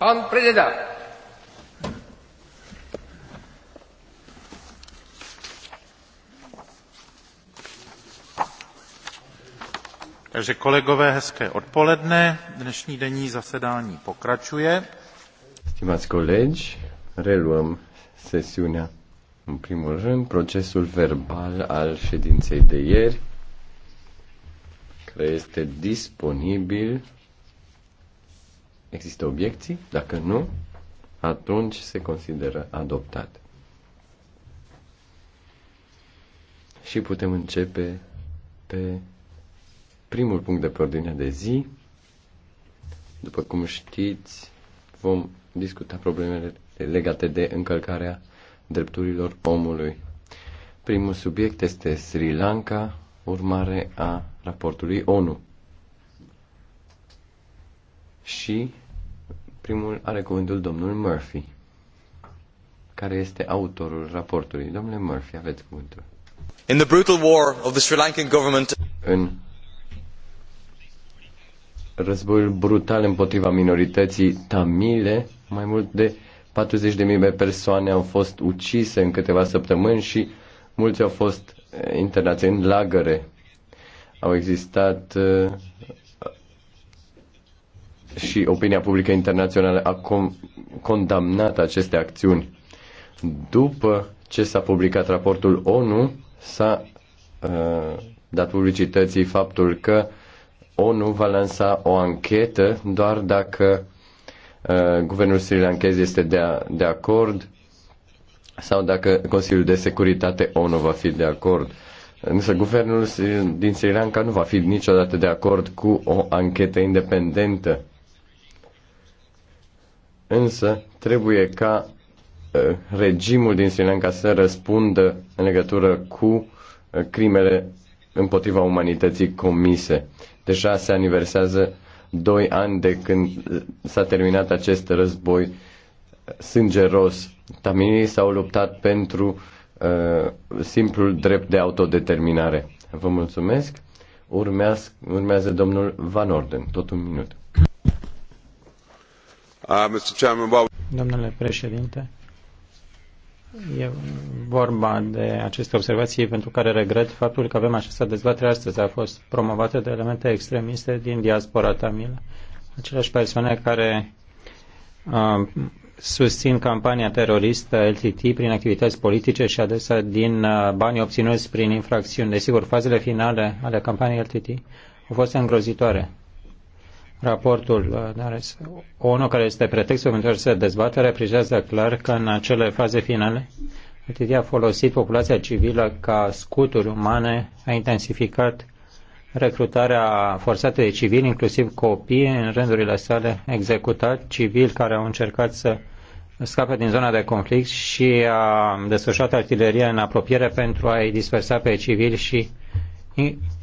Pan Preda. Takže kolegové, hezké odpoledne. Dnešní denní zasedání pokračuje. Stimați colegi, reluăm sesiunea. În primul rând, procesul verbal al ședinței de ieri, care este disponibil Există obiecții? Dacă nu, atunci se consideră adoptat. Și putem începe pe primul punct de pe ordinea de zi. După cum știți, vom discuta problemele legate de încălcarea drepturilor omului. Primul subiect este Sri Lanka, urmare a raportului ONU și primul are cuvântul domnul Murphy, care este autorul raportului. Domnule Murphy, aveți cuvântul. In the brutal war of the Sri Lankan government în războiul brutal împotriva minorității tamile, mai mult de 40.000 de persoane au fost ucise în câteva săptămâni și mulți au fost eh, internați în lagăre. Au existat eh, și opinia publică internațională a condamnat aceste acțiuni. După ce s-a publicat raportul ONU, s-a uh, dat publicității faptul că ONU va lansa o anchetă doar dacă uh, guvernul Sri Lankez este de, a, de acord sau dacă Consiliul de Securitate ONU va fi de acord. Însă guvernul din Sri Lanka nu va fi niciodată de acord cu o anchetă independentă Însă trebuie ca uh, regimul din Sri Lanka să răspundă în legătură cu uh, crimele împotriva umanității comise. Deja se aniversează doi ani de când s-a terminat acest război uh, sângeros. Tamilii s-au luptat pentru uh, simplul drept de autodeterminare. Vă mulțumesc. Urmează, urmează domnul Van Orden. Tot un minut. Ah, Domnule președinte, e vorba de aceste observații pentru care regret faptul că avem această dezbatere astăzi. A fost promovată de elemente extremiste din diaspora tamilă, aceleași persoane care uh, susțin campania teroristă LTT prin activități politice și adesea din uh, banii obținuți prin infracțiuni. Desigur, fazele finale ale campaniei LTT au fost îngrozitoare Raportul ONU, uh, care este pretextul pentru se dezbatere, reprijează clar că în acele faze finale Haititi a folosit populația civilă ca scuturi umane, a intensificat recrutarea forțată de civili, inclusiv copii, în rândurile sale executat, civili care au încercat să scape din zona de conflict și a desfășurat artileria în apropiere pentru a-i dispersa pe civili și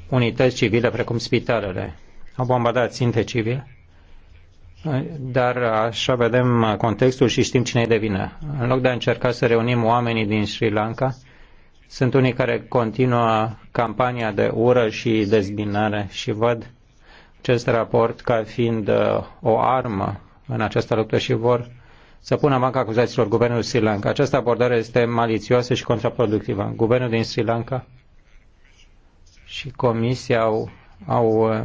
unități civile precum spitalele. Au bombardat ținte civile. Dar așa vedem contextul și știm cine e de vină. În loc de a încerca să reunim oamenii din Sri Lanka, sunt unii care continuă campania de ură și dezbinare și văd acest raport ca fiind uh, o armă în această luptă și vor să pună banca acuzaților guvernul Sri Lanka. Această abordare este malițioasă și contraproductivă. Guvernul din Sri Lanka și Comisia au, au uh,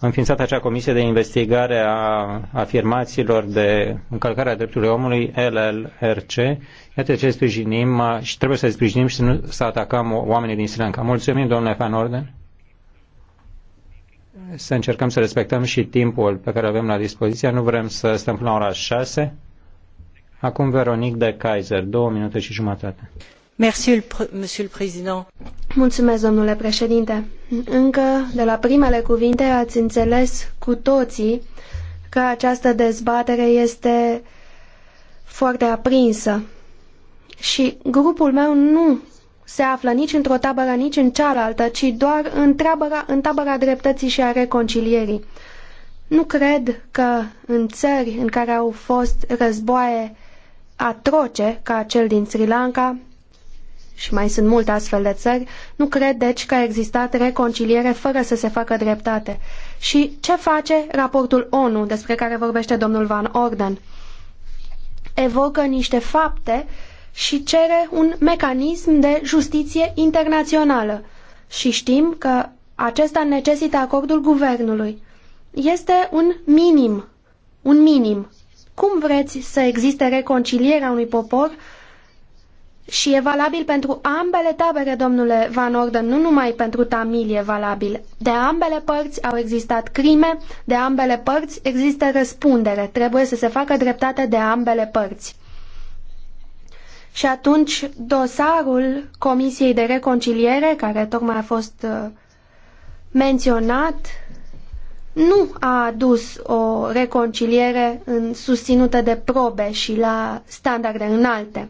înființat acea comisie de investigare a afirmațiilor de încălcare a drepturilor omului, LLRC. Iată ce sprijinim și trebuie să sprijinim și să nu să atacăm oamenii din Sri Lanka. Mulțumim, domnule Van Orden. Să încercăm să respectăm și timpul pe care avem la dispoziție. Nu vrem să stăm până la ora 6. Acum Veronic de Kaiser, două minute și jumătate. Merci, monsieur le président. Mulțumesc, domnule președinte. Încă de la primele cuvinte ați înțeles cu toții că această dezbatere este foarte aprinsă. Și grupul meu nu se află nici într-o tabără, nici în cealaltă, ci doar în, treabăra, în tabăra dreptății și a reconcilierii. Nu cred că în țări în care au fost războaie atroce, ca cel din Sri Lanka, și mai sunt multe astfel de țări, nu cred deci că a existat reconciliere fără să se facă dreptate. Și ce face raportul ONU despre care vorbește domnul Van Orden? Evocă niște fapte și cere un mecanism de justiție internațională. Și știm că acesta necesită acordul guvernului. Este un minim, un minim. Cum vreți să existe reconcilierea unui popor și e valabil pentru ambele tabere, domnule Van Orden, nu numai pentru Tamil e valabil. De ambele părți au existat crime, de ambele părți există răspundere. Trebuie să se facă dreptate de ambele părți. Și atunci dosarul Comisiei de Reconciliere, care tocmai a fost uh, menționat, nu a adus o reconciliere susținută de probe și la standarde înalte.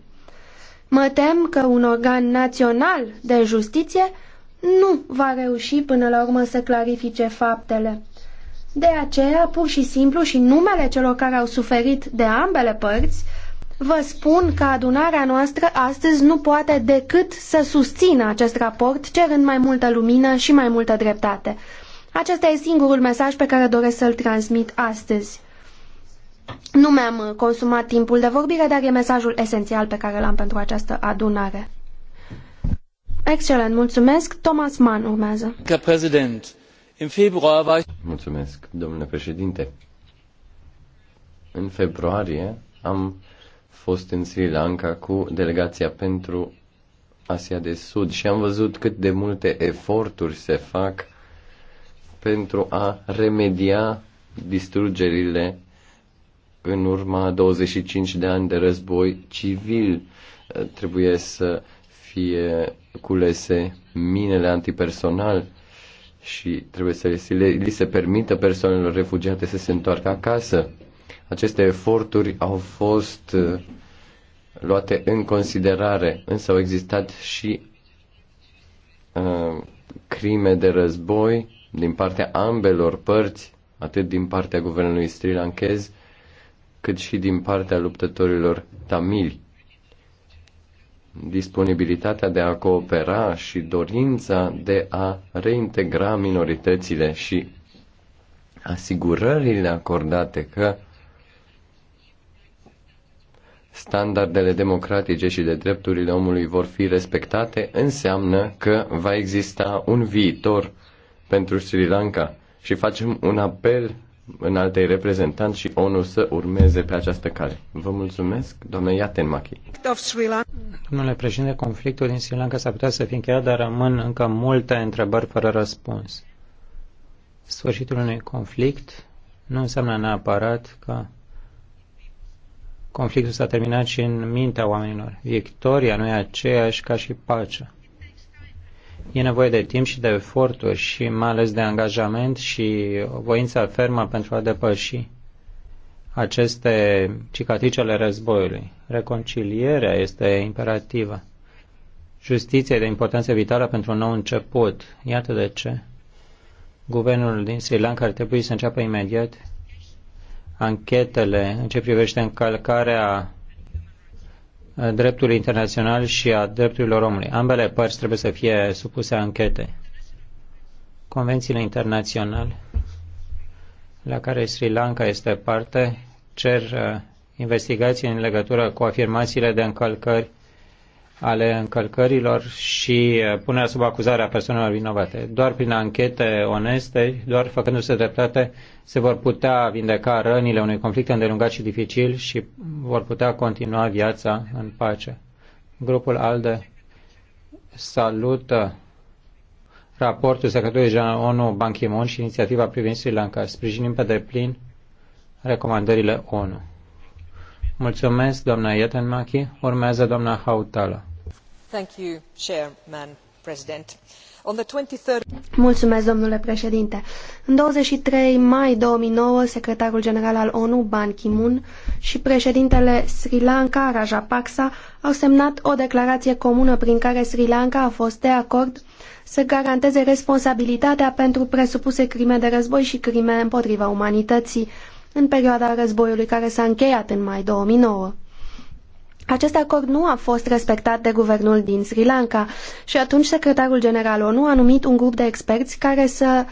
Mă tem că un organ național de justiție nu va reuși până la urmă să clarifice faptele. De aceea, pur și simplu și numele celor care au suferit de ambele părți, vă spun că adunarea noastră astăzi nu poate decât să susțină acest raport, cerând mai multă lumină și mai multă dreptate. Acesta e singurul mesaj pe care doresc să-l transmit astăzi. Nu mi-am uh, consumat timpul de vorbire, dar e mesajul esențial pe care l-am pentru această adunare. Excelent, mulțumesc. Thomas Mann urmează. Mulțumesc, domnule președinte. În februarie am fost în Sri Lanka cu delegația pentru Asia de Sud și am văzut cât de multe eforturi se fac pentru a remedia distrugerile în urma 25 de ani de război civil uh, trebuie să fie culese minele antipersonal și trebuie să le, li se permită persoanelor refugiate să se întoarcă acasă. Aceste eforturi au fost uh, luate în considerare, însă au existat și uh, crime de război din partea ambelor părți, atât din partea guvernului sri lankez, cât și din partea luptătorilor tamili. Disponibilitatea de a coopera și dorința de a reintegra minoritățile și asigurările acordate că standardele democratice și de drepturile omului vor fi respectate, înseamnă că va exista un viitor pentru Sri Lanka și facem un apel altei reprezentant și ONU să urmeze pe această cale. Vă mulțumesc, Iaten Machi. Domnule președinte, conflictul din Sri Lanka s a putea să fie încheiat, dar rămân încă multe întrebări fără răspuns. Sfârșitul unui conflict nu înseamnă neapărat că conflictul s-a terminat și în mintea oamenilor. Victoria nu e aceeași ca și pacea. E nevoie de timp și de eforturi și mai ales de angajament și voința fermă pentru a depăși aceste ale războiului. Reconcilierea este imperativă. Justiția e de importanță vitală pentru un nou început. Iată de ce. Guvernul din Sri Lanka ar trebui să înceapă imediat anchetele în ce privește încălcarea dreptul internațional și a drepturilor omului. Ambele părți trebuie să fie supuse anchetei. Convențiile internaționale la care Sri Lanka este parte cer uh, investigații în legătură cu afirmațiile de încălcări ale încălcărilor și uh, punerea sub acuzare a persoanelor vinovate. Doar prin anchete oneste, doar făcându-se dreptate, se vor putea vindeca rănile unui conflict îndelungat și dificil și vor putea continua viața în pace. Grupul ALDE salută raportul secretarului general ONU Ban Ki-moon și inițiativa privind Sri Lanka. Sprijinim pe deplin recomandările ONU. Mulțumesc, doamna Yetenmachi. Urmează doamna Hautala. Thank you, Chairman, President. On the 23rd... Mulțumesc, domnule președinte. În 23 mai 2009, secretarul general al ONU, Ban Ki-moon, și președintele Sri Lanka, Rajapaksa, au semnat o declarație comună prin care Sri Lanka a fost de acord să garanteze responsabilitatea pentru presupuse crime de război și crime împotriva umanității în perioada războiului care s-a încheiat în mai 2009. Acest acord nu a fost respectat de guvernul din Sri Lanka și atunci secretarul general ONU a numit un grup de experți care să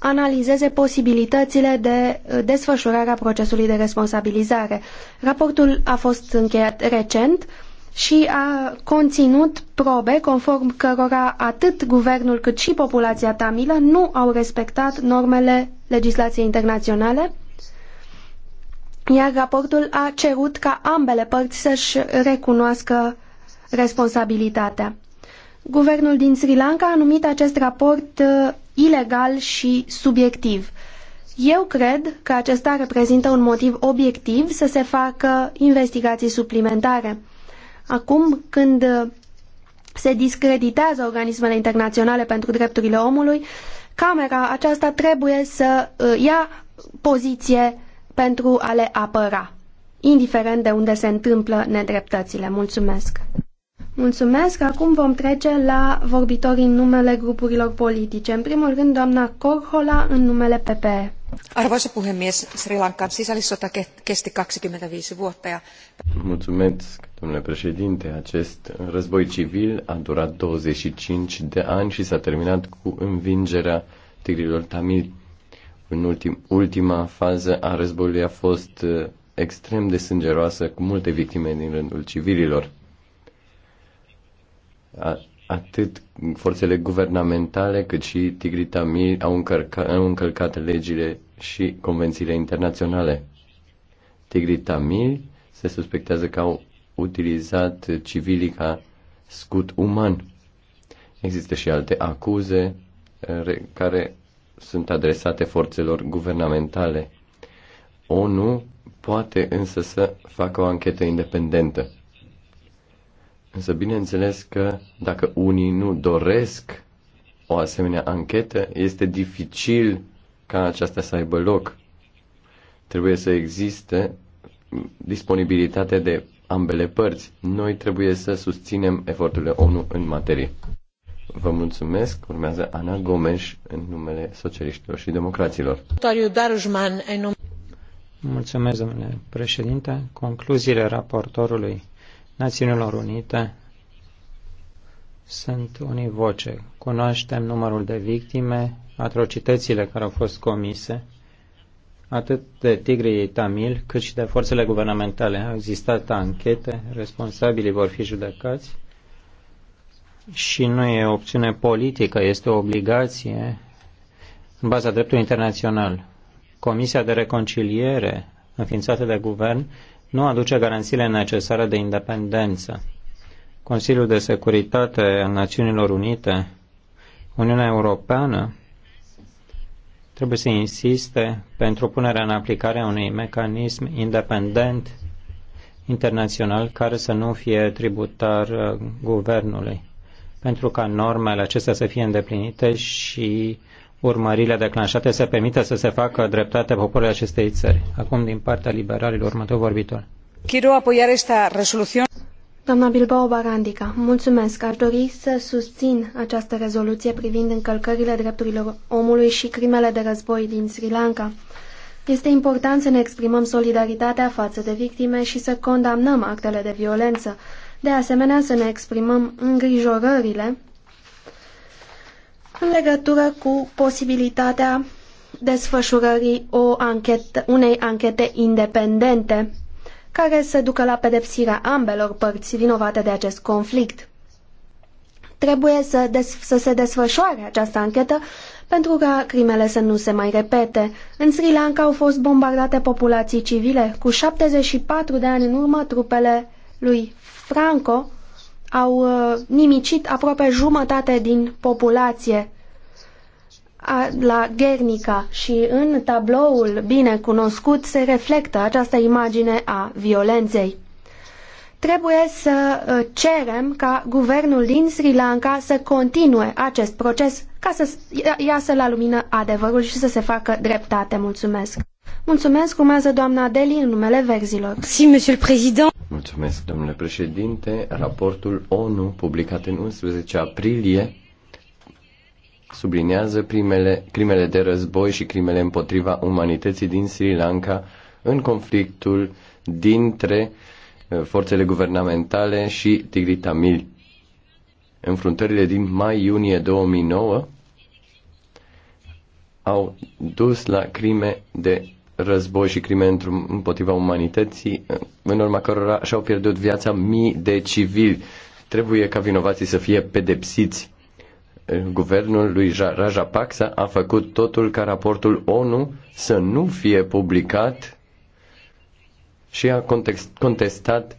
analizeze posibilitățile de uh, desfășurare a procesului de responsabilizare. Raportul a fost încheiat recent și a conținut probe conform cărora atât guvernul cât și populația tamilă nu au respectat normele legislației internaționale iar raportul a cerut ca ambele părți să-și recunoască responsabilitatea. Guvernul din Sri Lanka a numit acest raport uh, ilegal și subiectiv. Eu cred că acesta reprezintă un motiv obiectiv să se facă investigații suplimentare. Acum, când uh, se discreditează organismele internaționale pentru drepturile omului, Camera aceasta trebuie să uh, ia poziție pentru a le apăra, indiferent de unde se întâmplă nedreptățile. Mulțumesc! Mulțumesc! Acum vom trece la vorbitorii în numele grupurilor politice. În primul rând, doamna Corhola, în numele PPE. Arvoisa puhemies, Sri Lankan sisällissota kesti 25 vuotta ja... Mulțumesc, domnule președinte. Acest război civil a durat 25 de ani și s-a terminat cu învingerea tigrilor tamil. În ultim, ultima fază a războiului a fost uh, extrem de sângeroasă, cu multe victime din rândul civililor. A, atât forțele guvernamentale cât și tigrii tamili au, încărca, au încălcat legile și convențiile internaționale. Tigrii tamili se suspectează că au utilizat civilii ca scut uman. Există și alte acuze uh, care sunt adresate forțelor guvernamentale. ONU poate însă să facă o anchetă independentă. Însă bineînțeles că dacă unii nu doresc o asemenea anchetă, este dificil ca aceasta să aibă loc. Trebuie să existe disponibilitate de ambele părți. Noi trebuie să susținem eforturile ONU în materie. Vă mulțumesc. Urmează Ana Gomes în numele socialiștilor și democraților. Mulțumesc, domnule președinte. Concluziile raportorului Națiunilor Unite sunt univoce. Cunoaștem numărul de victime, atrocitățile care au fost comise, atât de tigrii tamil, cât și de forțele guvernamentale. Au existat anchete, responsabilii vor fi judecați și nu e o opțiune politică, este o obligație în baza dreptului internațional. Comisia de reconciliere înființată de guvern nu aduce garanțiile necesare de independență. Consiliul de Securitate al Națiunilor Unite, Uniunea Europeană, trebuie să insiste pentru punerea în aplicare a unui mecanism independent internațional care să nu fie tributar uh, guvernului pentru ca normele acestea să fie îndeplinite și urmările declanșate să permită să se facă dreptate poporului acestei țări. Acum, din partea liberalilor, următorul vorbitor. Chiru, apoiar esta resolución. Doamna Bilbao Barandica, mulțumesc. Aș dori să susțin această rezoluție privind încălcările drepturilor omului și crimele de război din Sri Lanka. Este important să ne exprimăm solidaritatea față de victime și să condamnăm actele de violență, de asemenea, să ne exprimăm îngrijorările în legătură cu posibilitatea desfășurării o anchetă, unei anchete independente care să ducă la pedepsirea ambelor părți vinovate de acest conflict. Trebuie să, des, să se desfășoare această anchetă pentru ca crimele să nu se mai repete. În Sri Lanka au fost bombardate populații civile. Cu 74 de ani în urmă, trupele lui Franco au uh, nimicit aproape jumătate din populație la Guernica și în tabloul bine cunoscut se reflectă această imagine a violenței. Trebuie să uh, cerem ca guvernul din Sri Lanka să continue acest proces ca să iasă la lumină adevărul și să se facă dreptate. Mulțumesc! Mulțumesc, urmează doamna Deli în numele verzilor. Si, monsieur le président. Mulțumesc, domnule președinte. Raportul ONU, publicat în 11 aprilie, subliniază primele, crimele de război și crimele împotriva umanității din Sri Lanka în conflictul dintre uh, forțele guvernamentale și Tigri Tamil. Înfruntările din mai-iunie 2009 au dus la crime de război și crime împotriva umanității, în urma cărora și-au pierdut viața mii de civili. Trebuie ca vinovații să fie pedepsiți. Guvernul lui Rajapaksa a făcut totul ca raportul ONU să nu fie publicat și a contestat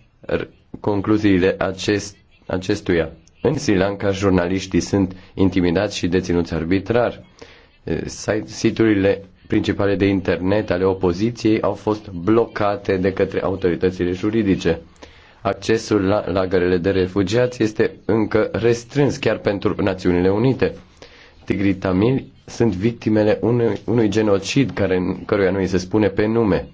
concluziile acest, acestuia. În Sri Lanka, jurnaliștii sunt intimidați și deținuți arbitrar. Siturile principale de internet ale opoziției au fost blocate de către autoritățile juridice. Accesul la lagărele de refugiați este încă restrâns chiar pentru Națiunile Unite. Tigrii tamili sunt victimele unui, unui genocid care, căruia nu îi se spune pe nume.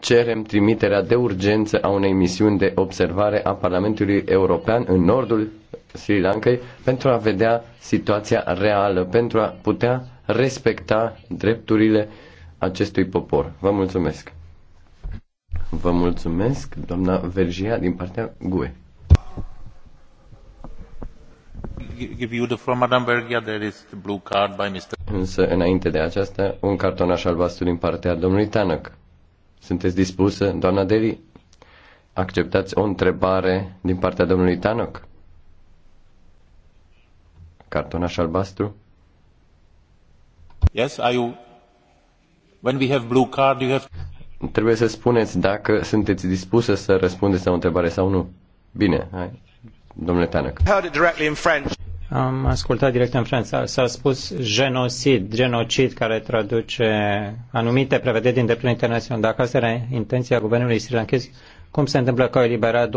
Cerem trimiterea de urgență a unei misiuni de observare a Parlamentului European în nordul Sri Lankai pentru a vedea situația reală, pentru a putea respecta drepturile acestui popor. Vă mulțumesc! Vă mulțumesc, doamna Vergia, din partea GUE. Însă, înainte de aceasta, un cartonaș albastru din partea domnului Tanăc. Sunteți dispusă, doamna Deli? Acceptați o întrebare din partea domnului Tanăc? Cartonaș albastru? Trebuie să spuneți dacă sunteți dispusă să răspundeți la o întrebare sau nu. Bine, hai. Domnule Tanăc. Am ascultat direct în franceză. S-a spus genocid, genocid care traduce anumite prevederi din dreptul internațional. Dacă asta era intenția guvernului sri lankez, cum se întâmplă că au eliberat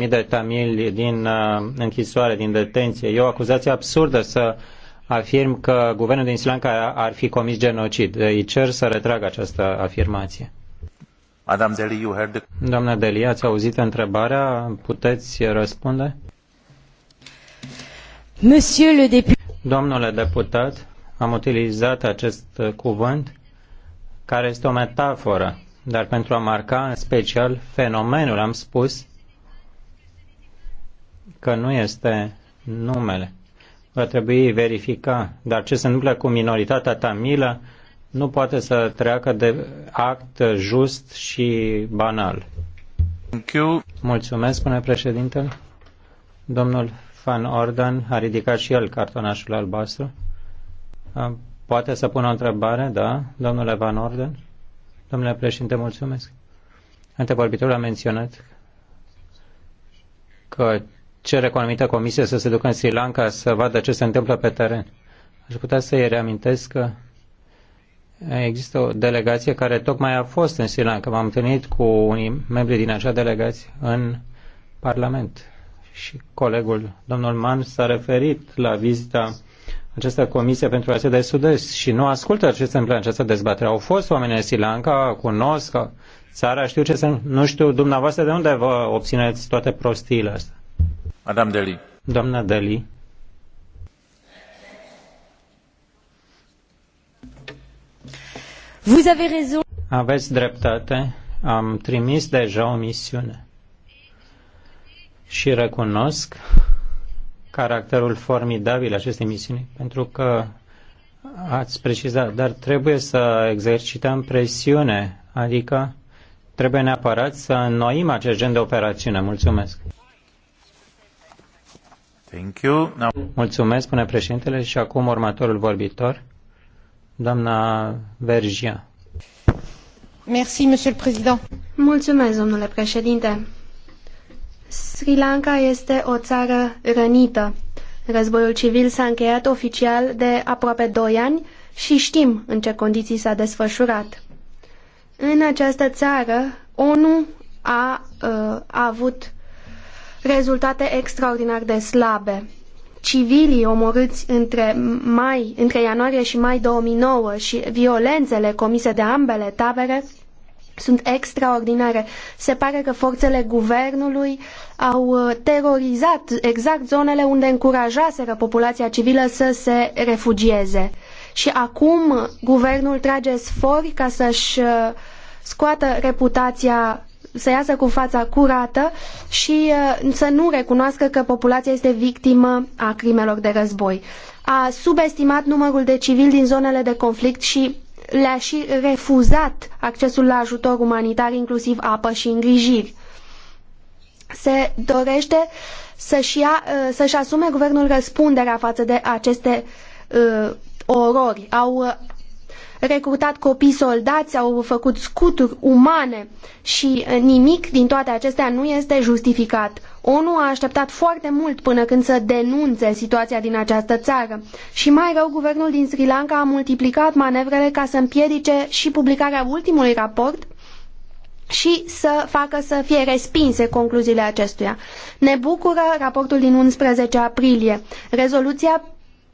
200.000 de tamili din uh, închisoare, din detenție? E o acuzație absurdă să uh, afirm că guvernul din Sri Lanka ar fi comis genocid. Îi cer să retragă această afirmație. Madame Deli, you heard the... Doamna Deli, ați auzit întrebarea? Puteți răspunde? Monsieur le deputat. Domnule deputat, am utilizat acest cuvânt care este o metaforă, dar pentru a marca în special fenomenul am spus că nu este numele va trebui verifica. Dar ce se întâmplă cu minoritatea tamilă nu poate să treacă de act just și banal. Thank you. Mulțumesc, spune președintele. Domnul Van Orden a ridicat și el cartonașul albastru. Poate să pună o întrebare, da, domnule Van Orden? Domnule președinte, mulțumesc. Antevorbitorul a menționat că cere cu anumită comisie să se ducă în Sri Lanka să vadă ce se întâmplă pe teren. Aș putea să-i reamintesc că există o delegație care tocmai a fost în Sri Lanka. M-am întâlnit cu unii membri din acea delegație în Parlament și colegul domnul Mann s-a referit la vizita această comisie pentru Asia de Sud-Est și nu ascultă ce se întâmplă în această dezbatere. Au fost oameni în Sri Lanka, cunosc țara, știu ce sunt, nu știu dumneavoastră de unde vă obțineți toate prostiile astea. Madame Deli. Doamna Deli. Vous avez raison. Aveți dreptate. Am trimis deja o misiune. Și recunosc caracterul formidabil acestei misiuni, pentru că ați precizat, dar trebuie să exercităm presiune, adică trebuie neapărat să înnoim acest gen de operațiune. Mulțumesc. Thank you. Now... Mulțumesc, spune președintele, și acum următorul vorbitor, doamna Vergia. Merci, monsieur le président. Mulțumesc, domnule președinte. Sri Lanka este o țară rănită. Războiul civil s-a încheiat oficial de aproape 2 ani și știm în ce condiții s-a desfășurat. În această țară, ONU a, uh, a avut rezultate extraordinar de slabe. Civilii omorâți între, mai, între ianuarie și mai 2009 și violențele comise de ambele tabere sunt extraordinare. Se pare că forțele guvernului au uh, terorizat exact zonele unde încurajaseră populația civilă să se refugieze. Și acum guvernul trage sfori ca să-și uh, scoată reputația să iasă cu fața curată și uh, să nu recunoască că populația este victimă a crimelor de război. A subestimat numărul de civili din zonele de conflict și le-a și refuzat accesul la ajutor umanitar, inclusiv apă și îngrijiri. Se dorește să-și, uh, să asume guvernul răspunderea față de aceste uh, orori. Au uh, recrutat copii soldați, au făcut scuturi umane și nimic din toate acestea nu este justificat. ONU a așteptat foarte mult până când să denunțe situația din această țară și mai rău, guvernul din Sri Lanka a multiplicat manevrele ca să împiedice și publicarea ultimului raport și să facă să fie respinse concluziile acestuia. Ne bucură raportul din 11 aprilie. Rezoluția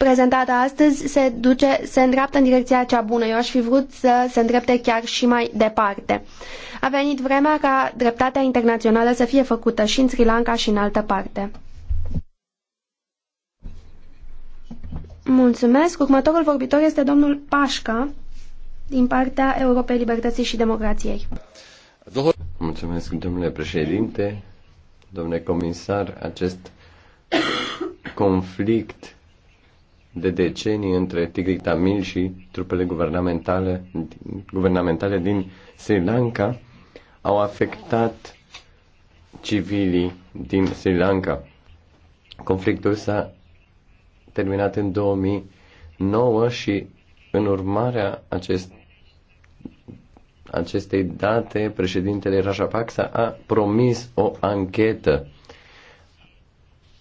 prezentată astăzi se, duce, se îndreaptă în direcția cea bună. Eu aș fi vrut să se îndrepte chiar și mai departe. A venit vremea ca dreptatea internațională să fie făcută și în Sri Lanka și în altă parte. Mulțumesc. Următorul vorbitor este domnul Pașca din partea Europei Libertății și Democrației. Mulțumesc, domnule președinte, domnule comisar, acest conflict de decenii între Tigri Tamil și trupele guvernamentale, guvernamentale din Sri Lanka au afectat civilii din Sri Lanka. Conflictul s-a terminat în 2009 și în urmarea acest, acestei date, președintele Rajapaksa a promis o anchetă.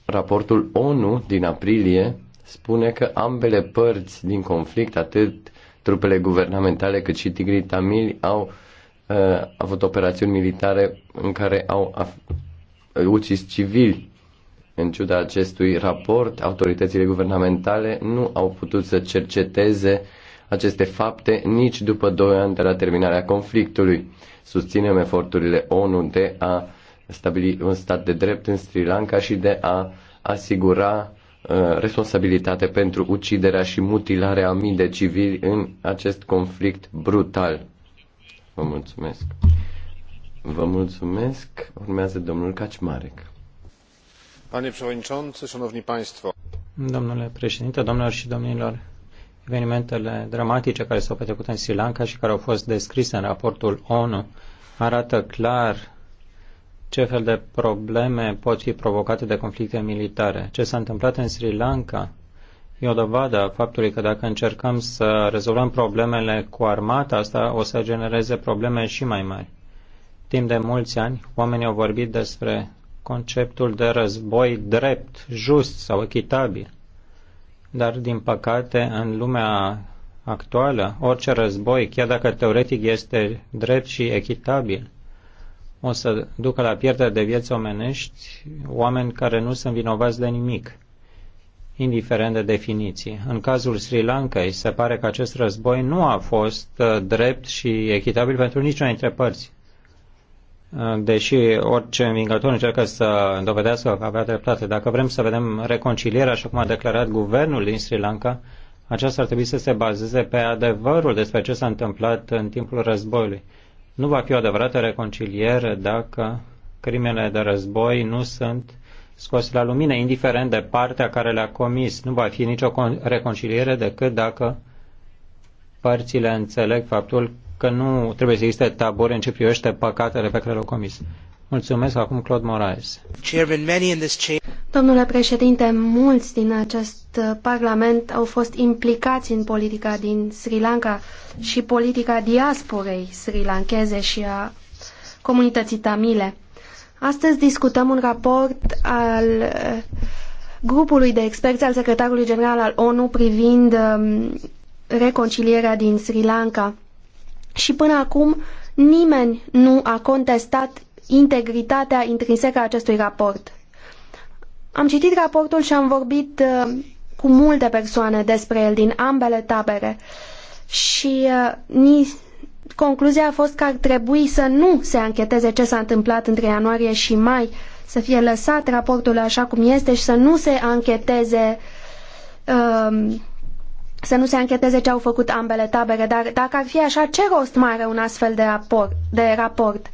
Raportul ONU din aprilie spune că ambele părți din conflict, atât trupele guvernamentale cât și tigrii tamili, au uh, avut operațiuni militare în care au af- ucis civili. În ciuda acestui raport, autoritățile guvernamentale nu au putut să cerceteze aceste fapte nici după 2 ani de la terminarea conflictului. Susținem eforturile ONU de a stabili un stat de drept în Sri Lanka și de a asigura Uh, responsabilitate pentru uciderea și mutilarea a mii de civili în acest conflict brutal. Vă mulțumesc. Vă mulțumesc. Urmează domnul Kaczmarek. Panie przewodniczący, szanowni państwo. Domnule președinte, domnilor și domnilor, evenimentele dramatice care s-au petrecut în Sri Lanka și care au fost descrise în raportul ONU arată clar ce fel de probleme pot fi provocate de conflicte militare. Ce s-a întâmplat în Sri Lanka e o dovadă a faptului că dacă încercăm să rezolvăm problemele cu armata, asta o să genereze probleme și mai mari. Timp de mulți ani, oamenii au vorbit despre conceptul de război drept, just sau echitabil. Dar, din păcate, în lumea actuală, orice război, chiar dacă teoretic este drept și echitabil, o să ducă la pierdere de vieți omenești oameni care nu sunt vinovați de nimic, indiferent de definiții. În cazul Sri Lankai, se pare că acest război nu a fost uh, drept și echitabil pentru niciuna dintre părți. Uh, deși orice învingător încearcă să dovedească că avea dreptate, dacă vrem să vedem reconcilierea, așa cum a declarat guvernul din Sri Lanka, aceasta ar trebui să se bazeze pe adevărul despre ce s-a întâmplat în timpul războiului nu va fi o adevărată reconciliere dacă crimele de război nu sunt scoase la lumină, indiferent de partea care le-a comis. Nu va fi nicio reconciliere decât dacă părțile înțeleg faptul că nu trebuie să existe taburi în ce privește păcatele pe care le-au comis. Mulțumesc acum Claude Moraes. Domnule președinte, mulți din acest parlament au fost implicați în politica din Sri Lanka și politica diasporei sri lankeze și a comunității tamile. Astăzi discutăm un raport al eh, grupului de experți al secretarului general al ONU privind ehm, reconcilierea din Sri Lanka. Și până acum nimeni nu a contestat integritatea intrinsecă a acestui raport. Am citit raportul și am vorbit uh, cu multe persoane despre el din ambele tabere și uh, ni, concluzia a fost că ar trebui să nu se ancheteze ce s-a întâmplat între ianuarie și mai, să fie lăsat raportul așa cum este și să nu se ancheteze um, să nu se ancheteze ce au făcut ambele tabere, dar dacă ar fi așa, ce rost mai are un astfel de raport? De raport?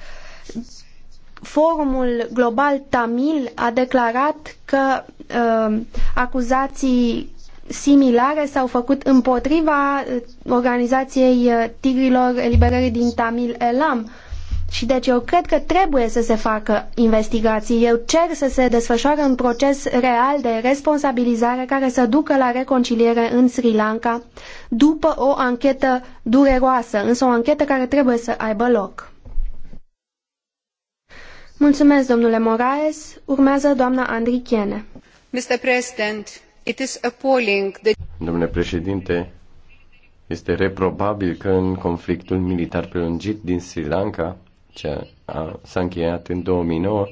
Forumul Global Tamil a declarat că uh, acuzații similare s-au făcut împotriva uh, organizației uh, Tigrilor Eliberării din Tamil Elam. Și deci eu cred că trebuie să se facă investigații. Eu cer să se desfășoare un proces real de responsabilizare care să ducă la reconciliere în Sri Lanka după o anchetă dureroasă, însă o anchetă care trebuie să aibă loc. Mulțumesc, domnule Moraes. Urmează doamna Andrichiene. Mr. President, it is appalling that... Domnule președinte, este reprobabil că în conflictul militar prelungit din Sri Lanka, ce a, s-a încheiat în 2009,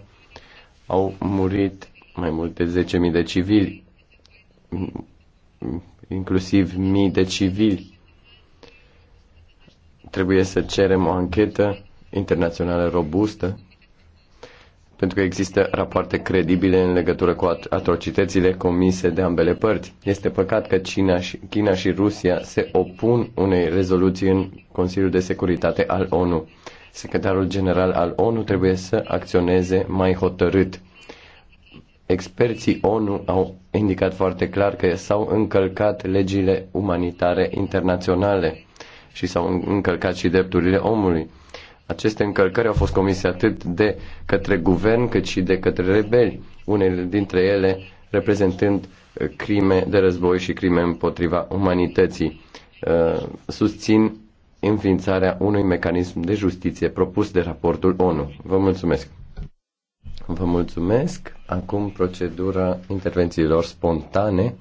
au murit mai mult de 10.000 de civili, inclusiv mii de civili. Trebuie să cerem o anchetă internațională robustă pentru că există rapoarte credibile în legătură cu atrocitățile comise de ambele părți. Este păcat că China și, China și Rusia se opun unei rezoluții în Consiliul de Securitate al ONU. Secretarul General al ONU trebuie să acționeze mai hotărât. Experții ONU au indicat foarte clar că s-au încălcat legile umanitare internaționale și s-au încălcat și drepturile omului aceste încălcări au fost comise atât de către guvern cât și de către rebeli, unele dintre ele reprezentând uh, crime de război și crime împotriva umanității. Uh, susțin înființarea unui mecanism de justiție propus de raportul ONU. Vă mulțumesc! Vă mulțumesc! Acum procedura intervențiilor spontane.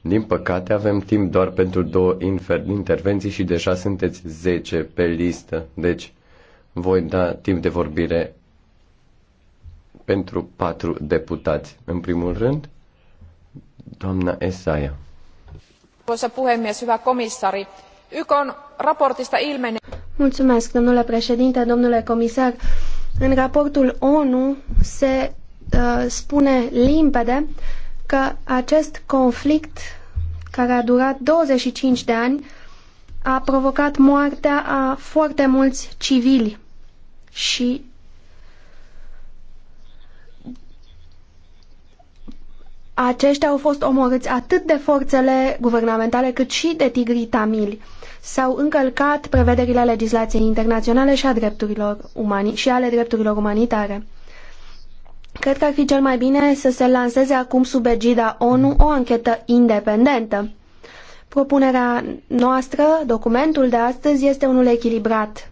Din păcate avem timp doar pentru două intervenții și deja sunteți 10 pe listă. Deci, voi da timp de vorbire pentru patru deputați. În primul rând, doamna Esaia. Arvoisa puhemies, hyvä komissari. YKn raportista ilmeni... Mulțumesc, domnule președinte, domnule comisar. În raportul ONU se uh, spune limpede că acest conflict care a durat 25 de ani a provocat moartea a foarte mulți civili și aceștia au fost omorâți atât de forțele guvernamentale cât și de tigrii tamili. S-au încălcat prevederile legislației internaționale și, a drepturilor umani și ale drepturilor umanitare. Cred că ar fi cel mai bine să se lanseze acum sub egida ONU o anchetă independentă. Propunerea noastră, documentul de astăzi, este unul echilibrat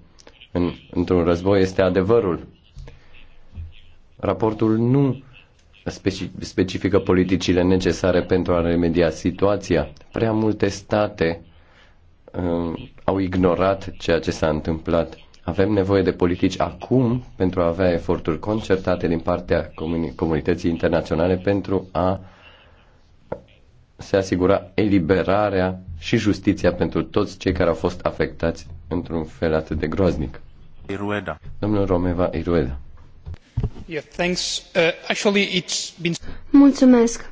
în, într-un război este adevărul. Raportul nu specifică politicile necesare pentru a remedia situația. Prea multe state uh, au ignorat ceea ce s-a întâmplat. Avem nevoie de politici acum pentru a avea eforturi concertate din partea comunității internaționale pentru a uh, se asigura eliberarea și justiția pentru toți cei care au fost afectați într-un fel atât de groaznic. Irueda. Domnul Romeva Irueda. Yeah, thanks. Uh, actually, it's been... Mulțumesc.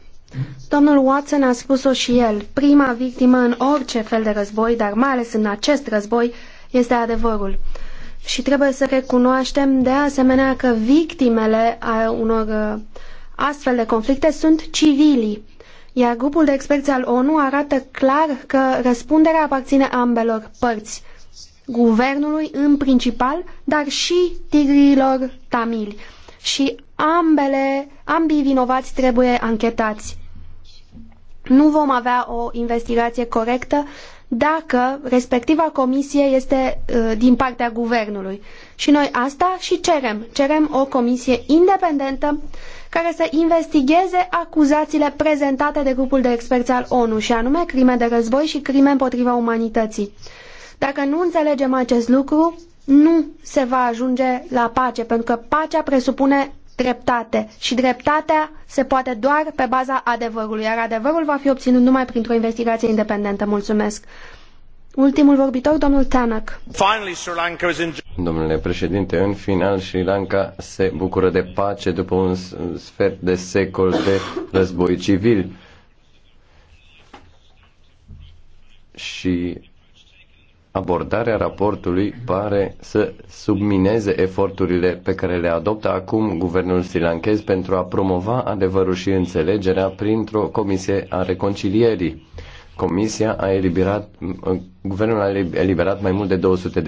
Domnul Watson a spus-o și el. Prima victimă în orice fel de război, dar mai ales în acest război, este adevărul. Și trebuie să recunoaștem de asemenea că victimele a unor uh, astfel de conflicte sunt civilii. Iar grupul de experți al ONU arată clar că răspunderea aparține ambelor părți guvernului în principal, dar și tigrilor tamili. Și ambele, ambii vinovați trebuie anchetați. Nu vom avea o investigație corectă dacă respectiva comisie este uh, din partea guvernului. Și noi asta și cerem. Cerem o comisie independentă care să investigheze acuzațiile prezentate de grupul de experți al ONU, și anume crime de război și crime împotriva umanității. Dacă nu înțelegem acest lucru, nu se va ajunge la pace, pentru că pacea presupune dreptate și dreptatea se poate doar pe baza adevărului, iar adevărul va fi obținut numai printr-o investigație independentă. Mulțumesc! Ultimul vorbitor, domnul Tanak. Domnule președinte, în final Sri Lanka se bucură de pace după un sfert de secol de război civil. Și abordarea raportului pare să submineze eforturile pe care le adoptă acum guvernul sri lankez pentru a promova adevărul și înțelegerea printr-o comisie a reconcilierii. Comisia a eliberat, guvernul a eliberat mai mult de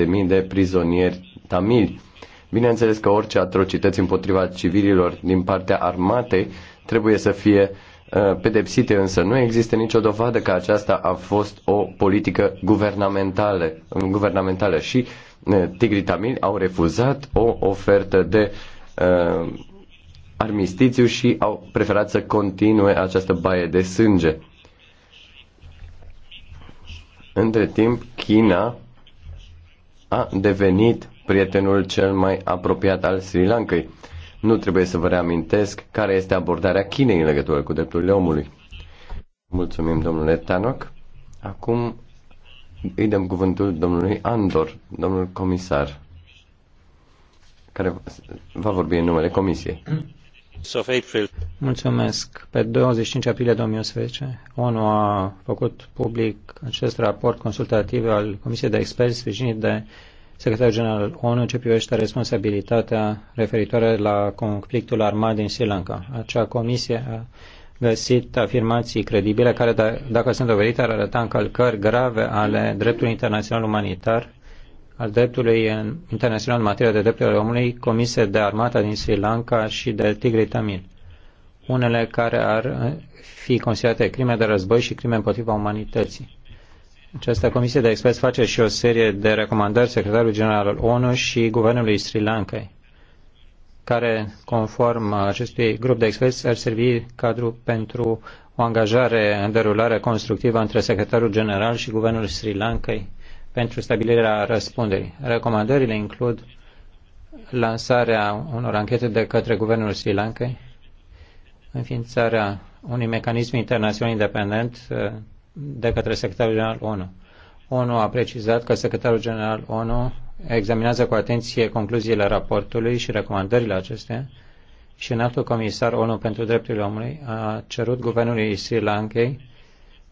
200.000 de prizonieri tamili. Bineînțeles că orice atrocități împotriva civililor din partea armatei trebuie să fie uh, pedepsite, însă nu există nicio dovadă că aceasta a fost o politică guvernamentală, guvernamentală și uh, tigrii tamili au refuzat o ofertă de uh, armistițiu și au preferat să continue această baie de sânge. Între timp, China a devenit prietenul cel mai apropiat al Sri Lankai. Nu trebuie să vă reamintesc care este abordarea Chinei în legătură cu drepturile omului. Mulțumim, domnule Tanok. Acum îi dăm cuvântul domnului Andor, domnul comisar, care va vorbi în numele comisiei. Mulțumesc. Pe 25 aprilie 2011, ONU a făcut public acest raport consultativ al Comisiei de Experți sprijinit de secretarul general ONU ce privește responsabilitatea referitoare la conflictul armat din Sri Lanka. Acea comisie a găsit afirmații credibile care, da, dacă sunt dovedite, ar arăta încălcări grave ale dreptului internațional umanitar al dreptului internațional în materie de drepturile omului comise de armata din Sri Lanka și de Tigri Tamil, unele care ar fi considerate crime de război și crime împotriva umanității. Această comisie de experți face și o serie de recomandări secretarului general al ONU și guvernului Sri Lankai, care, conform acestui grup de experți, ar servi cadru pentru o angajare în derulare constructivă între secretarul general și guvernul Sri Lankai pentru stabilirea răspunderii. Recomandările includ lansarea unor anchete de către guvernul Sri Lanka, înființarea unui mecanism internațional independent uh, de către secretarul general ONU. ONU a precizat că secretarul general ONU examinează cu atenție concluziile raportului și recomandările acestea și înaltul comisar ONU pentru drepturile omului a cerut guvernului Sri Lankei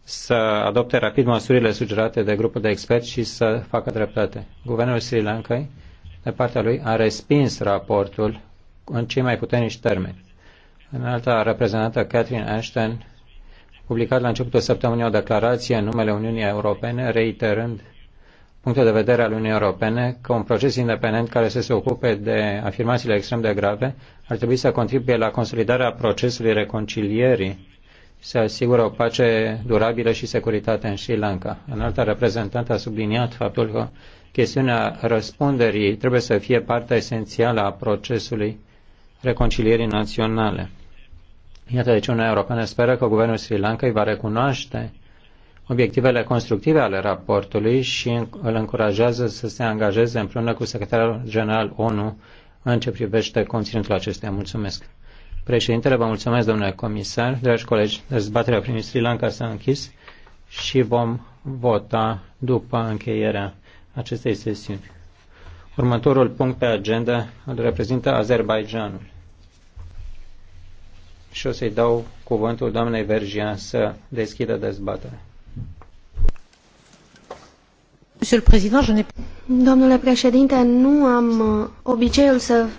să adopte rapid măsurile sugerate de grupul de experți și să facă dreptate. Guvernul Sri Lankai, de partea lui, a respins raportul în cei mai puternici termeni. În alta reprezentantă, Catherine Ashton, publicat la începutul săptămânii o declarație în numele Uniunii Europene, reiterând punctul de vedere al Uniunii Europene că un proces independent care să se ocupe de afirmațiile extrem de grave ar trebui să contribuie la consolidarea procesului reconcilierii se asigură o pace durabilă și securitate în Sri Lanka. alta reprezentant a subliniat faptul că chestiunea răspunderii trebuie să fie partea esențială a procesului reconcilierii naționale. Iată de ce Uniunea Europeană speră că guvernul Sri Lanka îi va recunoaște obiectivele constructive ale raportului și îl încurajează să se angajeze împreună cu secretarul general ONU în ce privește conținutul acesteia. Mulțumesc! Președintele, vă mulțumesc, domnule comisar, dragi colegi, dezbaterea prin Sri Lanka s-a închis și vom vota după încheierea acestei sesiuni. Următorul punct pe agenda îl reprezintă Azerbaijanul. Și o să-i dau cuvântul doamnei Vergia să deschidă dezbaterea. Domnule președinte, nu am uh, obiceiul să